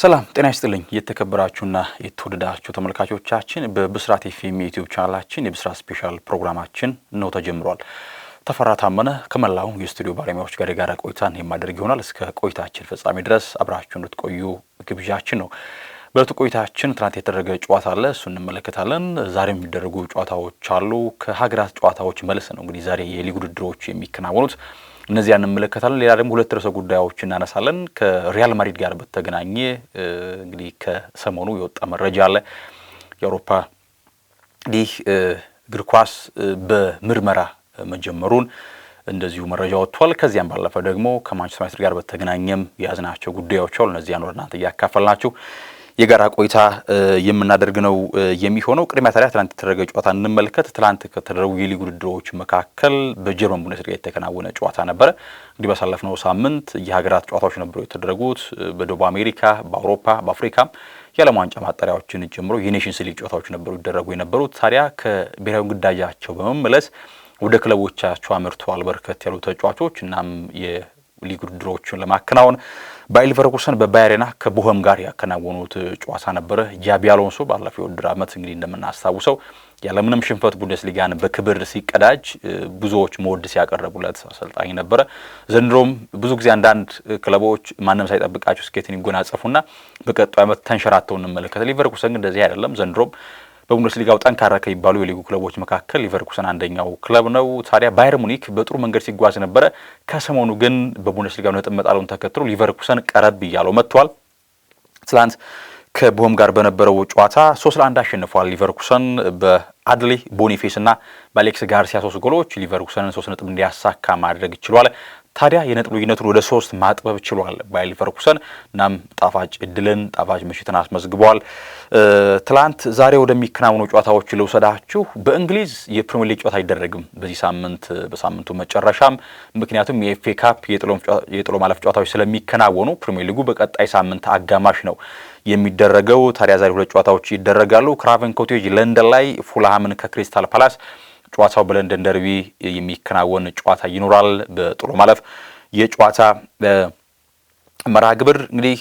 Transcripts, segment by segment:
ሰላም ጤና ይስጥልኝ። የተከበራችሁና የተወደዳችሁ ተመልካቾቻችን በብስራት ኤፍኤም የዩትዩብ ቻናላችን የብስራት ስፔሻል ፕሮግራማችን ነው ተጀምሯል። ተፈራ ታመነ ከመላው የስቱዲዮ ባለሙያዎች ጋር የጋራ ቆይታን የማደርግ ይሆናል። እስከ ቆይታችን ፍጻሜ ድረስ አብራችሁ እንድትቆዩ ግብዣችን ነው። በዕለቱ ቆይታችን ትናንት የተደረገ ጨዋታ አለ፣ እሱ እንመለከታለን። ዛሬ የሚደረጉ ጨዋታዎች አሉ። ከሀገራት ጨዋታዎች መልስ ነው እንግዲህ ዛሬ የሊግ ውድድሮች የሚከናወኑት እነዚያ እንመለከታለን። ሌላ ደግሞ ሁለት ርዕሰ ጉዳዮች እናነሳለን። ከሪያል ማድሪድ ጋር በተገናኘ እንግዲህ ከሰሞኑ የወጣ መረጃ አለ። የአውሮፓ ሊግ እግር ኳስ በምርመራ መጀመሩን እንደዚሁ መረጃ ወጥቷል። ከዚያም ባለፈ ደግሞ ከማንቸስተር ዩናይትድ ጋር በተገናኘም የያዝናቸው ጉዳዮች አሉ። እነዚያን ወደ እናንተ እያካፈልናችሁ የጋራ ቆይታ የምናደርግ ነው የሚሆነው። ቅድሚያ ታዲያ ትናንት የተደረገ ጨዋታ እንመልከት። ትናንት ከተደረጉ የሊግ ውድድሮች መካከል በጀርመን ቡንደስሊጋ የተከናወነ ጨዋታ ነበረ። እንግዲህ ባሳለፍነው ሳምንት የሀገራት ጨዋታዎች ነበሩ የተደረጉት በደቡብ አሜሪካ፣ በአውሮፓ፣ በአፍሪካ የዓለም ዋንጫ ማጣሪያዎችን ጀምሮ የኔሽንስ ሊግ ጨዋታዎች ነበሩ ይደረጉ የነበሩት። ታዲያ ከብሔራዊ ግዳጃቸው በመመለስ ወደ ክለቦቻቸው አምርተዋል በርከት ያሉ ተጫዋቾች። እናም የሊግ ውድድሮችን ለማከናወን ባየር ሊቨርኩሰን በባየሬና ከቡሆም ጋር ያከናወኑት ጨዋታ ነበረ። ጃቢ አሎንሶ ባለፈው የውድድር ዓመት እንግዲህ እንደምናስታውሰው ያለምንም ሽንፈት ቡንደስሊጋን በክብር ሲቀዳጅ ብዙዎች መወድ ሲያቀረቡለት አሰልጣኝ ነበረ። ዘንድሮም ብዙ ጊዜ አንዳንድ ክለቦች ማንም ሳይጠብቃቸው ስኬትን ይጎናጸፉና በቀጣዩ ዓመት ተንሸራተው እንመለከት። ሊቨርኩሰን ግን እንደዚህ አይደለም። ዘንድሮም በቡንደስሊጋው ጠንካራ ከሚባሉ የሊጉ ክለቦች መካከል ሊቨርኩሰን አንደኛው ክለብ ነው። ታዲያ ባየር ሙኒክ በጥሩ መንገድ ሲጓዝ ነበረ። ከሰሞኑ ግን በቡንደስሊጋው ነጥብ መጣሉን ተከትሎ ሊቨርኩሰን ቀረብ እያለው መጥቷል። ትላንት ከቦም ጋር በነበረው ጨዋታ ሶስት ለአንድ አሸንፏል ሊቨርኩሰን በአድሌ ቦኒፌስ እና በአሌክስ ጋርሲያ ሶስት ጎሎች ሊቨርኩሰንን ሶስት ነጥብ እንዲያሳካ ማድረግ ችሏል። ታዲያ የነጥብ ልዩነቱን ወደ ሶስት ማጥበብ ችሏል ባየር ሊቨርኩሰን። እናም ጣፋጭ እድልን ጣፋጭ ምሽትን አስመዝግበዋል። ትላንት ዛሬ ወደሚከናወኑ ጨዋታዎች ልውሰዳችሁ። በእንግሊዝ የፕሪሚየር ሊግ ጨዋታ አይደረግም በዚህ ሳምንት በሳምንቱ መጨረሻም፣ ምክንያቱም የኤፍኤ ካፕ የጥሎ ማለፍ ጨዋታዎች ስለሚከናወኑ ፕሪሚየር ሊጉ በቀጣይ ሳምንት አጋማሽ ነው የሚደረገው። ታዲያ ዛሬ ሁለት ጨዋታዎች ይደረጋሉ። ክራቨን ኮቴጅ ለንደን ላይ ፉልሃምን ከክሪስታል ፓላስ ጨዋታው በለንደን ደርቢ የሚከናወን ጨዋታ ይኖራል። በጥሎ ማለፍ የጨዋታ መርሃ ግብር እንግዲህ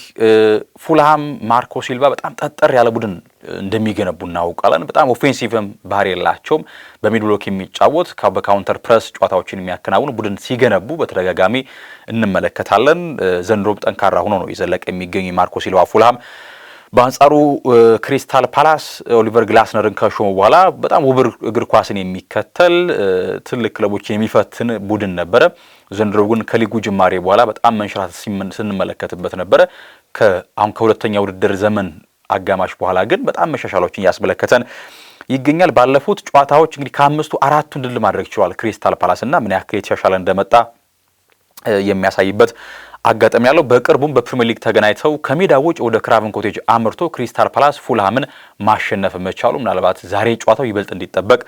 ፉልሃም ማርኮ ሲልቫ በጣም ጠጠር ያለ ቡድን እንደሚገነቡ እናውቃለን። በጣም ኦፌንሲቭም ባህር የላቸውም። በሚድ ብሎክ የሚጫወት በካውንተር ፕረስ ጨዋታዎችን የሚያከናውን ቡድን ሲገነቡ በተደጋጋሚ እንመለከታለን። ዘንድሮም ጠንካራ ሆኖ ነው የዘለቀ የሚገኝ ማርኮ ሲልቫ ፉልሃም በአንጻሩ ክሪስታል ፓላስ ኦሊቨር ግላስነርን ከሾመ በኋላ በጣም ውብር እግር ኳስን የሚከተል ትልቅ ክለቦች የሚፈትን ቡድን ነበረ። ዘንድሮ ግን ከሊጉ ጅማሬ በኋላ በጣም መንሸራት ስንመለከትበት ነበረ። አሁን ከሁለተኛ ውድድር ዘመን አጋማሽ በኋላ ግን በጣም መሻሻሎችን እያስመለከተን ይገኛል። ባለፉት ጨዋታዎች እንግዲህ ከአምስቱ አራቱን ድል ማድረግ ችሏል ክሪስታል ፓላስ እና ምን ያክል የተሻሻለ እንደመጣ የሚያሳይበት አጋጣሚ ያለው በቅርቡም በፕሪሚየር ሊግ ተገናኝተው ከሜዳ ውጭ ወደ ክራቨን ኮቴጅ አምርቶ ክሪስታል ፓላስ ፉልሃምን ማሸነፍ መቻሉ ምናልባት ዛሬ ጨዋታው ይበልጥ እንዲጠበቅ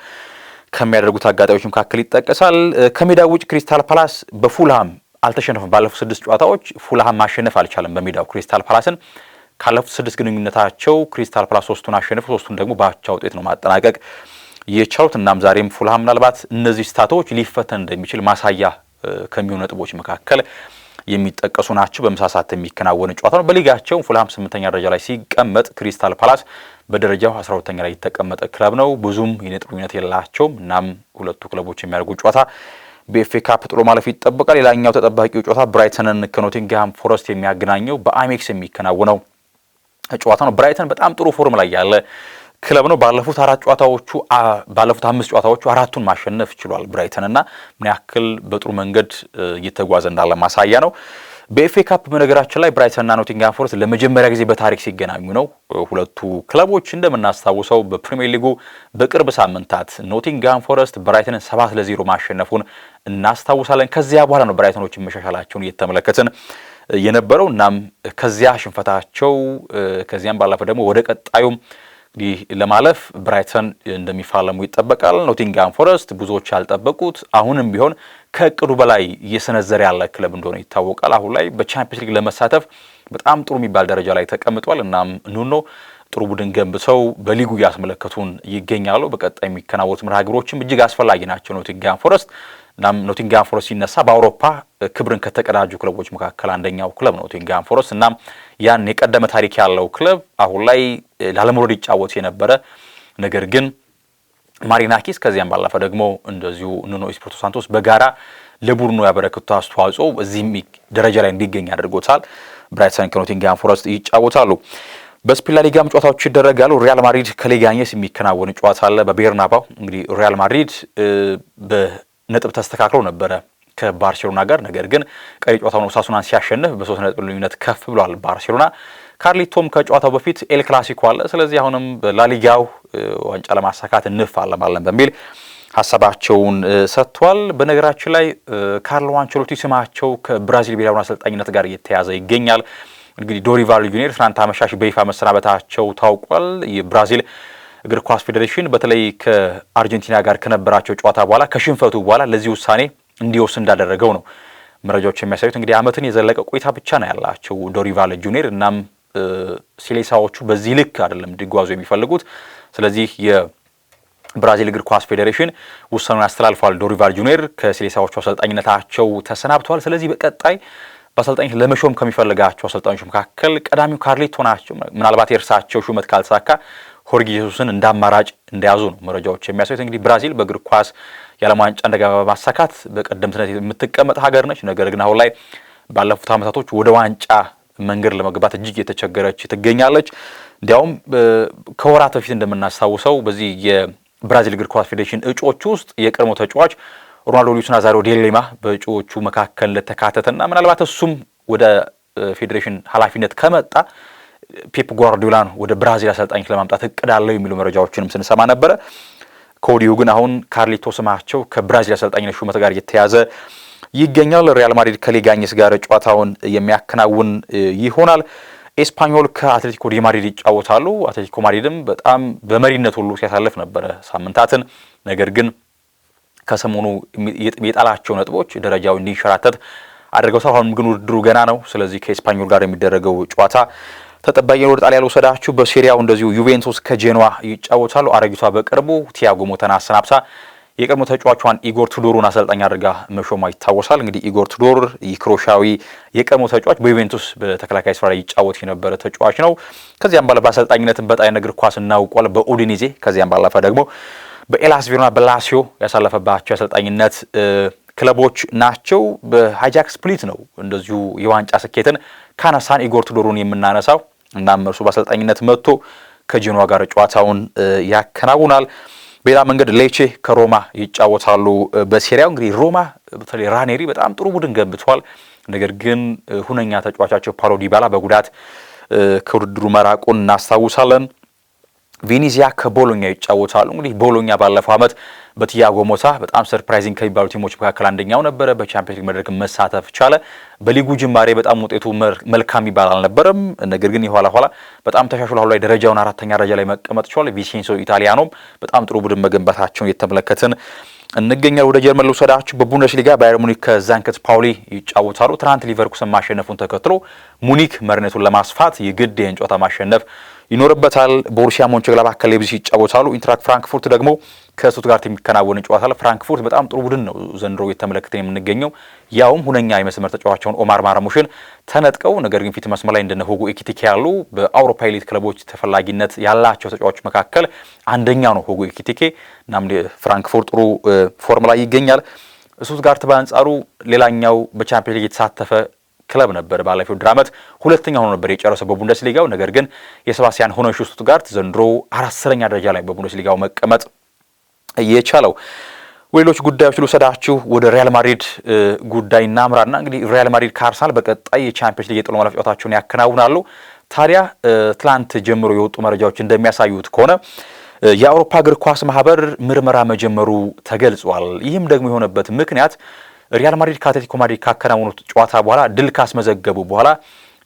ከሚያደርጉት አጋጣሚዎች መካከል ይጠቀሳል። ከሜዳ ውጭ ክሪስታል ፓላስ በፉልሃም አልተሸነፈም። ባለፉት ስድስት ጨዋታዎች ፉልሃም ማሸነፍ አልቻለም በሜዳው ክሪስታል ፓላስን ካለፉት ስድስት ግንኙነታቸው ክሪስታል ፓላስ ሶስቱን አሸንፎ ሶስቱን ደግሞ በአቻ ውጤት ነው ማጠናቀቅ የቻሉት። እናም ዛሬም ፉልሃም ምናልባት እነዚህ ስታቶች ሊፈተን እንደሚችል ማሳያ ከሚሆኑ ነጥቦች መካከል የሚጠቀሱ ናቸው። በምሳ ሰዓት የሚከናወን ጨዋታ ነው። በሊጋቸው ፉልሃም ስምንተኛ ደረጃ ላይ ሲቀመጥ ክሪስታል ፓላስ በደረጃው አስራ ሁለተኛ ላይ የተቀመጠ ክለብ ነው። ብዙም የነጥብ ልዩነት የላቸውም። እናም ሁለቱ ክለቦች የሚያደርጉ ጨዋታ በኤፌ ካፕ ጥሎ ማለፍ ይጠበቃል። ሌላኛው ተጠባቂው ጨዋታ ብራይተንን ከኖቲንግሃም ፎረስት የሚያገናኘው በአሜክስ የሚከናወነው ጨዋታ ነው። ብራይተን በጣም ጥሩ ፎርም ላይ ያለ ክለብ ነው። ባለፉት አራት ጨዋታዎቹ ባለፉት አምስት ጨዋታዎቹ አራቱን ማሸነፍ ችሏል ብራይተን እና ምን ያክል በጥሩ መንገድ እየተጓዘ እንዳለ ማሳያ ነው። በኤፍኤ ካፕ በነገራችን ላይ ብራይተንና ኖቲንግሃም ፎረስት ለመጀመሪያ ጊዜ በታሪክ ሲገናኙ ነው። ሁለቱ ክለቦች እንደምናስታውሰው በፕሪሚየር ሊጉ በቅርብ ሳምንታት ኖቲንግሃም ፎረስት ብራይተንን ሰባት ለዜሮ ማሸነፉን እናስታውሳለን። ከዚያ በኋላ ነው ብራይተኖች መሻሻላቸውን እየተመለከትን የነበረው። እናም ከዚያ ሽንፈታቸው ከዚያም ባለፈ ደግሞ ወደ ቀጣዩም እንግዲህ ለማለፍ ብራይተን እንደሚፋለሙ ይጠበቃል። ኖቲንጋም ፎረስት ብዙዎች ያልጠበቁት አሁንም ቢሆን ከእቅዱ በላይ እየሰነዘረ ያለ ክለብ እንደሆነ ይታወቃል። አሁን ላይ በቻምፒዮንስ ሊግ ለመሳተፍ በጣም ጥሩ የሚባል ደረጃ ላይ ተቀምጧል። እናም ኑኖ ጥሩ ቡድን ገንብተው በሊጉ እያስመለከቱን ይገኛሉ። በቀጣይ የሚከናወኑት መርሃ ግብሮችም እጅግ አስፈላጊ ናቸው ኖቲንግሃም ፎረስት እናም ኖቲንግሃም ፎረስት ሲነሳ በአውሮፓ ክብርን ከተቀዳጁ ክለቦች መካከል አንደኛው ክለብ ነው ኖቲንግሃም ፎረስት እናም ያን የቀደመ ታሪክ ያለው ክለብ አሁን ላይ ላለመውረድ ይጫወት የነበረ ነገር ግን ማሪናኪስ ከዚያም ባለፈ ደግሞ እንደዚሁ ኑኖ ኤስፒሪቶ ሳንቶስ በጋራ ለቡድኑ ያበረከቱት አስተዋጽኦ እዚህም ደረጃ ላይ እንዲገኝ አድርጎታል። ብራይተን ከኖቲንግሃም ፎረስት ይጫወታሉ። በስፔን ላሊጋም ጨዋታዎች ይደረጋሉ። ሪያል ማድሪድ ከሌጋኘስ የሚከናወን ጨዋታ አለ በቤርናባው። እንግዲህ ሪያል ማድሪድ በነጥብ ተስተካክለው ነበረ ከባርሴሎና ጋር ነገር ግን ቀሪ ጨዋታውን ኦሳሱናን ሲያሸንፍ በሶስት ነጥብ ልዩነት ከፍ ብሏል ባርሴሎና። ካርሊቶም ከጨዋታው በፊት ኤል ክላሲኮ አለ። ስለዚህ አሁንም ላሊጋው ዋንጫ ለማሳካት እንፍ አለማለን በሚል ሀሳባቸውን ሰጥቷል። በነገራችን ላይ ካርሎ አንቸሎቲ ስማቸው ከብራዚል ብሔራዊ አሰልጣኝነት ጋር እየተያዘ ይገኛል። እንግዲህ ዶሪቫል ጁኒየር ትናንት አመሻሽ በይፋ መሰናበታቸው ታውቋል። የብራዚል እግር ኳስ ፌዴሬሽን በተለይ ከአርጀንቲና ጋር ከነበራቸው ጨዋታ በኋላ ከሽንፈቱ በኋላ ለዚህ ውሳኔ እንዲወስድ እንዳደረገው ነው መረጃዎች የሚያሳዩት። እንግዲህ አመትን የዘለቀ ቆይታ ብቻ ነው ያላቸው ዶሪቫል ጁኒየር። እናም ሲሌሳዎቹ በዚህ ልክ አይደለም እንዲጓዙ የሚፈልጉት። ስለዚህ የብራዚል እግር ኳስ ፌዴሬሽን ውሳኔውን አስተላልፏል። ዶሪቫል ጁኒየር ከሲሌሳዎቹ አሰልጣኝነታቸው ተሰናብተዋል። ስለዚህ በቀጣይ በአሰልጣኝ ለመሾም ከሚፈልጋቸው አሰልጣኞች መካከል ቀዳሚው ካርሌቶ ናቸው። ምናልባት የእርሳቸው ሹመት ካልተሳካ ሆርጌ ኢየሱስን እንደ አማራጭ እንደያዙ ነው መረጃዎች የሚያሳዩት። እንግዲህ ብራዚል በእግር ኳስ የዓለም ዋንጫ እንደገባ በማሳካት በቀደምትነት የምትቀመጥ ሀገር ነች። ነገር ግን አሁን ላይ ባለፉት ዓመታቶች ወደ ዋንጫ መንገድ ለመግባት እጅግ የተቸገረች ትገኛለች። እንዲያውም ከወራት በፊት እንደምናስታውሰው በዚህ የብራዚል እግር ኳስ ፌዴሬሽን እጩዎች ውስጥ የቀድሞ ተጫዋች ሮናልዶ ሉዊስ ናዛሪዮ ደ ሊማ በእጩዎቹ መካከል ለተካተተና ምናልባት እሱም ወደ ፌዴሬሽን ኃላፊነት ከመጣ ፔፕ ጓርዲዮላን ወደ ብራዚል አሰልጣኝ ለማምጣት እቅድ አለው የሚሉ መረጃዎችንም ስንሰማ ነበረ። ከወዲሁ ግን አሁን ካርሊቶ ስማቸው ከብራዚል አሰልጣኝነት ሹመት ጋር እየተያዘ ይገኛል። ሪያል ማድሪድ ከሌጋኝስ ጋር ጨዋታውን የሚያከናውን ይሆናል። ኤስፓኞል ከአትሌቲኮ ዲ ማድሪድ ይጫወታሉ። አትሌቲኮ ማድሪድም በጣም በመሪነት ሁሉ ሲያሳልፍ ነበረ ሳምንታትን። ነገር ግን ከሰሞኑ የጣላቸው ነጥቦች ደረጃው እንዲንሸራተት አድርገውታል። አሁንም ግን ውድድሩ ገና ነው። ስለዚህ ከኤስፓኞል ጋር የሚደረገው ጨዋታ ተጠባቂ ወደ ጣሊያን ልውሰዳችሁ። በሴሪያው እንደዚሁ ዩቬንቱስ ከጄኖዋ ይጫወታሉ። አረጊቷ በቅርቡ ቲያጎ ሞተና አሰናብታ የቀድሞ ተጫዋቿን ኢጎር ቱዶሩን አሰልጣኝ አድርጋ መሾማ ይታወሳል። እንግዲህ ኢጎር ቱዶር የክሮሻዊ የቀድሞ ተጫዋች በዩቬንቱስ በተከላካይ ስፍራ ላይ ይጫወት የነበረ ተጫዋች ነው። ከዚያም ባለፈ አሰልጣኝነትን በጣሊያን እግር ኳስ እናውቋል፣ በኡዲኒዜ ከዚያም ባለፈ ደግሞ በኤላስ ቬሮና በላሲዮ ያሳለፈባቸው የአሰልጣኝነት ክለቦች ናቸው። በሃጃክ ስፕሊት ነው እንደዚሁ የዋንጫ ስኬትን ካነሳን ኢጎር ቱዶሩን የምናነሳው እናም እርሱ በአሰልጣኝነት መጥቶ ከጂኖዋ ጋር ጨዋታውን ያከናውናል። በሌላ መንገድ ሌቼ ከሮማ ይጫወታሉ። በሴሪያው እንግዲህ ሮማ በተለይ ራኔሪ በጣም ጥሩ ቡድን ገንብቷል። ነገር ግን ሁነኛ ተጫዋቻቸው ፓሎ ዲባላ በጉዳት ከውድድሩ መራቁን እናስታውሳለን። ቬኔዚያ ከቦሎኛ ይጫወታሉ። እንግዲህ ቦሎኛ ባለፈው ዓመት በቲያጎ ሞሳ በጣም ሰርፕራይዚንግ ከሚባሉ ቲሞች መካከል አንደኛው ነበረ። በቻምፒዮንስ ሊግ መድረክ መሳተፍ ቻለ። በሊጉ ጅማሬ በጣም ውጤቱ መልካም ይባል አልነበረም። ነገር ግን የኋላ ኋላ በጣም ተሻሽሎ አሁን ላይ ደረጃውን አራተኛ ደረጃ ላይ መቀመጥ ችሏል። ቪሴንሶ ኢታሊያኖም በጣም ጥሩ ቡድን መገንባታቸውን እየተመለከትን እንገኛል። ወደ ጀርመን ልውሰዳችሁ። በቡንደስ ሊጋ ባየር ሙኒክ ከዛንከት ፓውሊ ይጫወታሉ። ትናንት ሊቨርኩሰን ማሸነፉን ተከትሎ ሙኒክ መሪነቱን ለማስፋት የግድ ይህን ጨዋታ ማሸነፍ ይኖርበታል። ቦሩሲያ ሞንቸግላባህ ከሌብዚሽ ይጫወታሉ። ኢንትራክት ፍራንክፉርት ደግሞ ከስቱትጋርት የሚከናወን ጨዋታ ፍራንክፉርት በጣም ጥሩ ቡድን ነው ዘንድሮ የተመለከትን የምንገኘው ያውም ሁነኛ የመስመር ተጫዋቸውን ኦማር ማረሙሽን ተነጥቀው፣ ነገር ግን ፊት መስመር ላይ እንደነ ሁጎ ኤኪቲኬ ያሉ በአውሮፓ ኤሊት ክለቦች ተፈላጊነት ያላቸው ተጫዋቾች መካከል አንደኛ ነው ሁጎ ኤኪቲኬ። እናም ፍራንክፉርት ጥሩ ፎርም ላይ ይገኛል። ስቱትጋርት በአንጻሩ ሌላኛው በቻምፒዮንስ ሊግ የተሳተፈ ክለብ ነበር። ባለፈው ድር ዓመት ሁለተኛ ሆኖ ነበር የጨረሰው በቡንደስሊጋው። ነገር ግን የሰባስቲያን ሆነን ጋር ዘንድሮ አስረኛ ደረጃ ላይ በቡንደስሊጋው መቀመጥ የቻለው ሌሎች ጉዳዮች ልውሰዳችሁ ወደ ሪያል ማድሪድ ጉዳይ እናምራና እንግዲህ ሪያል ማድሪድ ከአርሰናል በቀጣይ የቻምፒየንስ ሊግ የጥሎ ማለፍ ጨዋታቸውን ያከናውናሉ። ታዲያ ትላንት ጀምሮ የወጡ መረጃዎች እንደሚያሳዩት ከሆነ የአውሮፓ እግር ኳስ ማህበር ምርመራ መጀመሩ ተገልጿል። ይህም ደግሞ የሆነበት ምክንያት ሪያል ማድሪድ ከአትሌቲኮ ማድሪድ ካከናወኑት ጨዋታ በኋላ ድል ካስመዘገቡ በኋላ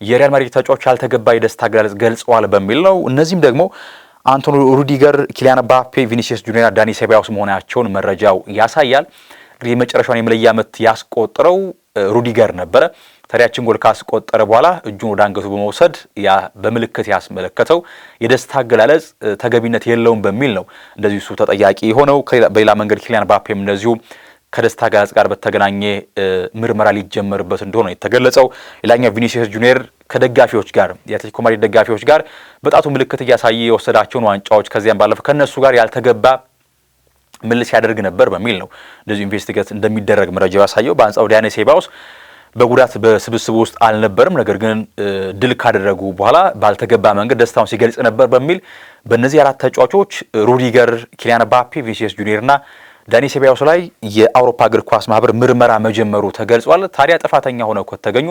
የሪያል ማድሪድ ተጫዋች ያልተገባ የደስታ አገላለጽ ገልጸዋል በሚል ነው። እነዚህም ደግሞ አንቶኒ ሩዲገር፣ ኪሊያን ባፔ፣ ቪኒሲየስ ጁኒየር፣ ዳኒ ሴባዮስ መሆናቸውን መረጃው ያሳያል። እንግዲህ የመጨረሻውን የመለያ ምት ያስቆጠረው ሩዲገር ነበረ። ታዲያችን ጎል ካስቆጠረ በኋላ እጁን ወደ አንገቱ በመውሰድ በምልክት ያስመለከተው የደስታ አገላለጽ ተገቢነት የለውም በሚል ነው እንደዚሁ እሱ ተጠያቂ የሆነው። በሌላ መንገድ ኪሊያን ባፔም እንደዚሁ ከደስታ ጋዝ ጋር በተገናኘ ምርመራ ሊጀመርበት እንደሆነ የተገለጸው። ሌላኛው ቪኒሲየስ ጁኒየር ከደጋፊዎች ጋር የአትሌቲኮ ማድሪድ ደጋፊዎች ጋር በጣቱ ምልክት እያሳየ የወሰዳቸውን ዋንጫዎች ከዚያም ባለፈ ከእነሱ ጋር ያልተገባ ምልስ ያደርግ ነበር በሚል ነው እንደዚሁ ኢንቨስቲጌት እንደሚደረግ መረጃው ያሳየው። በአንጻሩ ዳኔ ሴባውስ በጉዳት በስብስቡ ውስጥ አልነበርም። ነገር ግን ድል ካደረጉ በኋላ ባልተገባ መንገድ ደስታውን ሲገልጽ ነበር በሚል በእነዚህ አራት ተጫዋቾች ሩዲገር፣ ኪሊያን ባፔ፣ ቪኒሲየስ ጁኒየር ና ዳኒ ሴቢያውስ ላይ የአውሮፓ እግር ኳስ ማህበር ምርመራ መጀመሩ ተገልጿል። ታዲያ ጥፋተኛ ሆነው ከተገኙ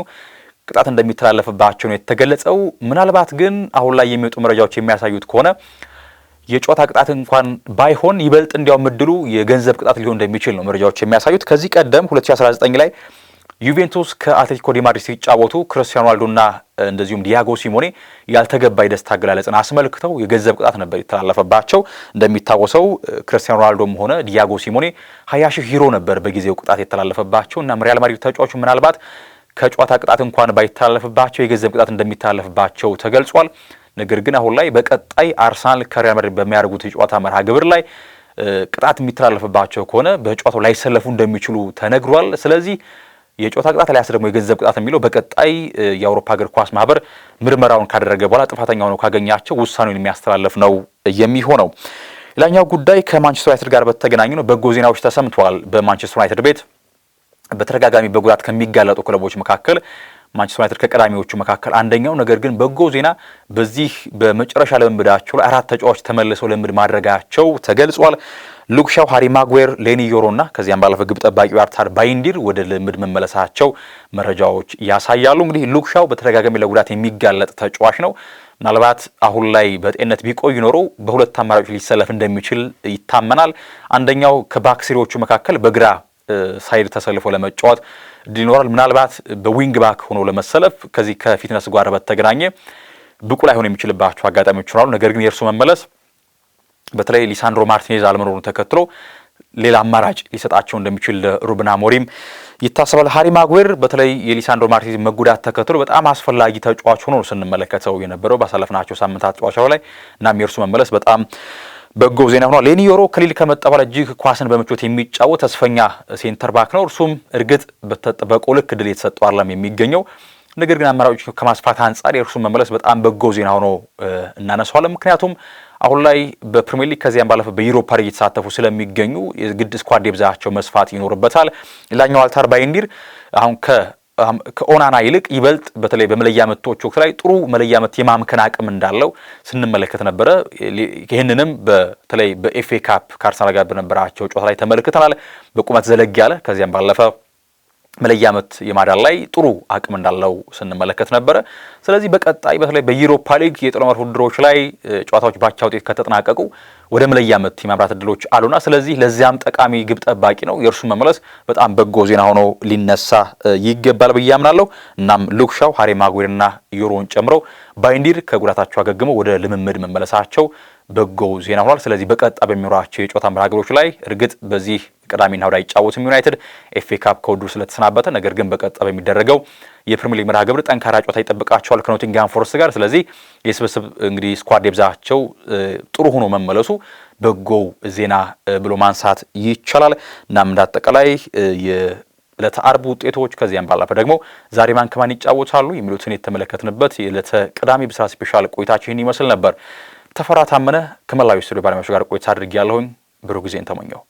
ቅጣት እንደሚተላለፍባቸው ነው የተገለጸው። ምናልባት ግን አሁን ላይ የሚወጡ መረጃዎች የሚያሳዩት ከሆነ የጨዋታ ቅጣት እንኳን ባይሆን ይበልጥ እንዲያውም እድሉ የገንዘብ ቅጣት ሊሆን እንደሚችል ነው መረጃዎች የሚያሳዩት። ከዚህ ቀደም 2019 ላይ ዩቬንቱስ ከአትሌቲኮ ዲ ማድሪድ ሲጫወቱ ክርስቲያኖ ሮናልዶና እንደዚሁም ዲያጎ ሲሞኔ ያልተገባ የደስታ አገላለጽን አስመልክተው የገንዘብ ቅጣት ነበር የተላለፈባቸው። እንደሚታወሰው ክርስቲያኖ ሮናልዶም ሆነ ዲያጎ ሲሞኔ ሀያ ሺህ ዩሮ ነበር በጊዜው ቅጣት የተላለፈባቸው። እናም ሪያል ማድሪድ ተጫዋቹ ምናልባት ከጨዋታ ቅጣት እንኳን ባይተላለፍባቸው የገንዘብ ቅጣት እንደሚተላለፍባቸው ተገልጿል። ነገር ግን አሁን ላይ በቀጣይ አርሰናል ከሪያል ማድሪድ በሚያደርጉት የጨዋታ መርሃ ግብር ላይ ቅጣት የሚተላለፍባቸው ከሆነ በጨዋታው ላይሰለፉ እንደሚችሉ ተነግሯል። ስለዚህ የጨዋታ ቅጣት ላይ ደግሞ የገንዘብ ቅጣት የሚለው በቀጣይ የአውሮፓ እግር ኳስ ማህበር ምርመራውን ካደረገ በኋላ ጥፋተኛ ሆነው ካገኛቸው ውሳኔውን የሚያስተላልፍ ነው የሚሆነው። ሌላኛው ጉዳይ ከማንቸስተር ዩናይትድ ጋር በተገናኙ ነው። በጎ ዜናዎች ተሰምተዋል። በማንቸስተር ዩናይትድ ቤት በተደጋጋሚ በጉዳት ከሚጋለጡ ክለቦች መካከል ማንቸስተር ዩናይትድ ከቀዳሚዎቹ መካከል አንደኛው። ነገር ግን በጎ ዜና በዚህ በመጨረሻ ልምምዳቸው ላይ አራት ተጫዋች ተመልሰው ልምድ ማድረጋቸው ተገልጿል። ሉክሻው፣ ሃሪ ማጉዌር፣ ሌኒ ዮሮ እና ከዚያም ባለፈ ግብ ጠባቂው አርታር ባይንዲር ወደ ልምድ መመለሳቸው መረጃዎች ያሳያሉ። እንግዲህ ሉክሻው በተደጋጋሚ ለጉዳት የሚጋለጥ ተጫዋች ነው። ምናልባት አሁን ላይ በጤንነት ቢቆይ ኖሮ በሁለት አማራጮች ሊሰለፍ እንደሚችል ይታመናል። አንደኛው ከባክሲሪዎቹ መካከል በግራ ሳይድ ተሰልፎ ለመጫወት እድል ይኖራል። ምናልባት በዊንግ ባክ ሆኖ ለመሰለፍ ከዚህ ከፊትነስ ጋር በተገናኘ ብቁ ላይሆን የሚችልባቸው አጋጣሚዎች ይኖራሉ። ነገር ግን የእርሱ መመለስ በተለይ ሊሳንድሮ ማርቲኔዝ አለመኖሩን ተከትሎ ሌላ አማራጭ ሊሰጣቸው እንደሚችል ሩብን አሞሪም ይታሰባል። ሀሪ ማጉዌር በተለይ የሊሳንድሮ ማርቲኔዝ መጉዳት ተከትሎ በጣም አስፈላጊ ተጫዋች ሆኖ ስንመለከተው የነበረው ባሳለፍናቸው ሳምንታት ተጫዋቻው ላይ እናም የእርሱ መመለስ በጣም በጎ ዜና ሆኗል። የኒዮሮ ከሊል ከመጣ በኋላ እጅግ ኳስን በምቾት የሚጫወት ተስፈኛ ሴንተር ባክ ነው። እርሱም እርግጥ በተጠበቀው ልክ ድል የተሰጠው አይደለም የሚገኘው ነገር ግን አመራሮች ከማስፋት አንጻር የእርሱን መመለስ በጣም በጎ ዜና ሆኖ እናነሳዋለን። ምክንያቱም አሁን ላይ በፕሪሚየር ሊግ ከዚያም ባለፈ በዩሮፓ ሊግ እየተሳተፉ ስለሚገኙ የግድ ስኳድ የብዛቸው መስፋት ይኖርበታል። ሌላኛው አልታር ባይንዲር አሁን ከ ከኦናና ይልቅ ይበልጥ በተለይ በመለያ ምቶች ወቅት ላይ ጥሩ መለያ ምት የማምከን አቅም እንዳለው ስንመለከት ነበረ። ይህንንም በተለይ በኤፍኤ ካፕ ከአርሰናል ጋር በነበራቸው ጨዋታ ላይ ተመልክተናል። በቁመት ዘለግ ያለ ከዚያም ባለፈ መለያ ዓመት የማዳን ላይ ጥሩ አቅም እንዳለው ስንመለከት ነበረ። ስለዚህ በቀጣይ በተለይ በዩሮፓ ሊግ የጥሎ ማለፍ ውድድሮች ላይ ጨዋታዎች ባቻ ውጤት ከተጠናቀቁ ወደ መለያ ዓመት የማምራት እድሎች አሉና ስለዚህ ለዚያም ጠቃሚ ግብ ጠባቂ ነው። የእርሱን መመለስ በጣም በጎ ዜና ሆኖ ሊነሳ ይገባል ብዬ አምናለሁ። እናም ሉክሻው፣ ሀሬ ማጉዌርና ዮሮን ጨምረው ባይንዲር ከጉዳታቸው አገግመው ወደ ልምምድ መመለሳቸው በጎው ዜና ሆኗል። ስለዚህ በቀጣ በሚኖራቸው የጨዋታ መርሃ ላይ እርግጥ በዚህ ቅዳሜና እሁድ አይጫወትም ዩናይትድ ኤፍ ኤ ካፕ ከውድድሩ ስለተሰናበተ፣ ነገር ግን በቀጣ በሚደረገው የፕሪሚየር ሊግ መርሃ ጠንካራ ጨዋታ ይጠብቃቸዋል ከኖቲንግሃም ፎረስት ጋር። ስለዚህ የስብስብ እንግዲህ ስኳድ የብዛቸው ጥሩ ሆኖ መመለሱ በጎው ዜና ብሎ ማንሳት ይቻላል። እናም እንዳጠቃላይ ዕለተ አርብ ውጤቶች ከዚያም ባለፈ ደግሞ ዛሬ ማን ከማን ይጫወታሉ የሚሉትን የተመለከትንበት የዕለተ ቅዳሜ ብስራት ስፔሻል ቆይታችን ይመስል ነበር። ተፈራ ታመነ ከመላዊ ስቱዲዮ ባለሙያዎች ጋር ቆይታ አድርጌ ያለሁኝ ብሩህ ጊዜን ተመኘው።